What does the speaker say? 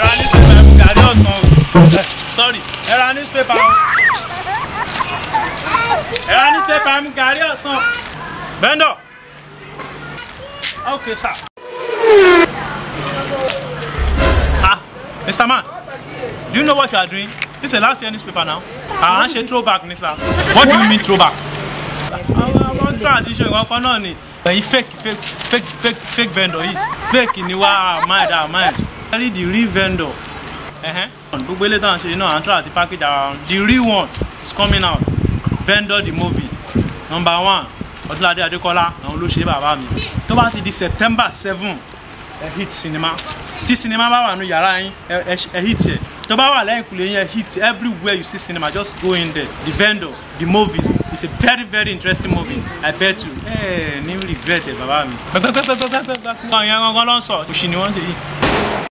ẹ̀rọ newspaper ẹ̀mú gàrí ọ̀sán o sorry ẹ̀rọ newspaper o ẹ̀rọ newspaper ẹ̀mú gàrí ọ̀sán vendor okay sir. ah mr man do you know what you are doing this is last year newspaper now ah ṣe throw back, sir what do you mean throwback. àwọn àwọn tradition kankan náà ni ẹ̀yin eh, fake fake fake fake vendor yìí fake ni wá mind our mind carry the real vendor gbogbo ilé táwọn ṣe iná à ń try àti package ara the real one is coming out vendor the movie number one ọdúnladé adékọlá àwọn olóṣèlú bàbá mi tó bá ti di september seven ẹ hit cinema tí cinema bá wà nù yàrá yín ẹ hit ẹ tó bá wà lẹ́yìn kùlé yẹn hit everywhere you see cinema just go in there the vendor the movie is a very very interesting movie i bet you ẹ ní regret ẹ bàbá mi. gbẹgbẹgbẹgbẹgbẹgbẹ àwọn yẹn gangan ló ń sọ òṣì ni wọ́n ń ṣe yìí.